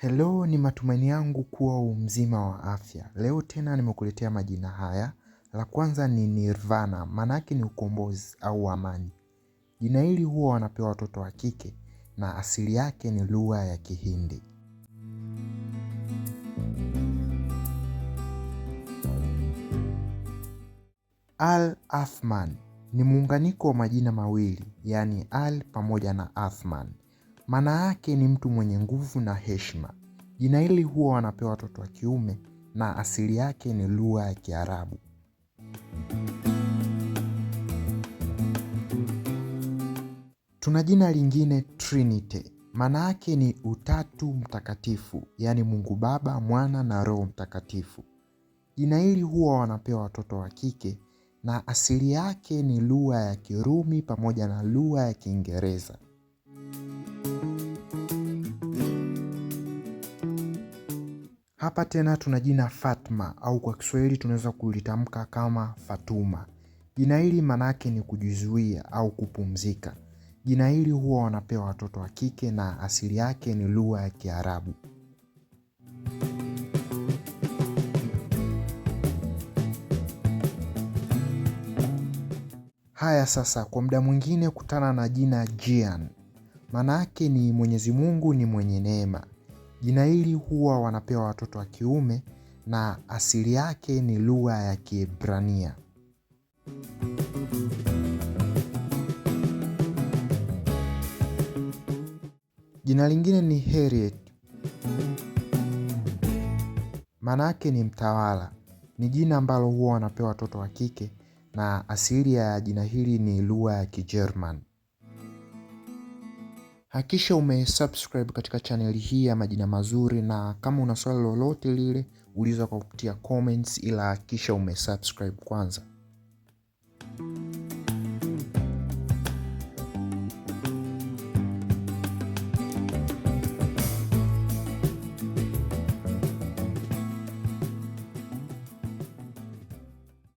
Hello ni matumaini yangu kuwa umzima mzima wa afya. Leo tena nimekuletea majina haya. La kwanza ni Nirvana, maanake ni ukombozi au amani. Jina hili huwa wanapewa watoto wa kike na asili yake ni lugha ya Kihindi. Al Athman ni muunganiko wa majina mawili, yaani Al pamoja na Athman. Maana yake ni mtu mwenye nguvu na heshima. Jina hili huwa wanapewa watoto wa kiume na asili yake ni lugha ya Kiarabu. Tuna jina lingine Trinity. Maana yake ni utatu mtakatifu, yaani Mungu Baba, Mwana na Roho Mtakatifu. Jina hili huwa wanapewa watoto wa kike na asili yake ni lugha ya Kirumi pamoja na lugha ya Kiingereza. Hapa tena tuna jina Fatma au kwa Kiswahili tunaweza kulitamka kama Fatuma. Jina hili maana yake ni kujizuia au kupumzika. Jina hili huwa wanapewa watoto wa kike na asili yake ni lugha ya Kiarabu. Haya sasa, kwa muda mwingine kutana na jina Jian, maana yake ni Mwenyezi Mungu ni mwenye neema. Jina hili huwa wanapewa watoto wa kiume na asili yake ni lugha ya Kiebrania. Jina lingine ni Harriet. Maana yake ni mtawala. Ni jina ambalo huwa wanapewa watoto wa kike na asili ya jina hili ni lugha ya Kijerman hakisha umesubscribe katika chaneli hii ya Majina Mazuri, na kama una swali lolote lile uliza kwa kupitia comments, ila hakisha umesubscribe kwanza.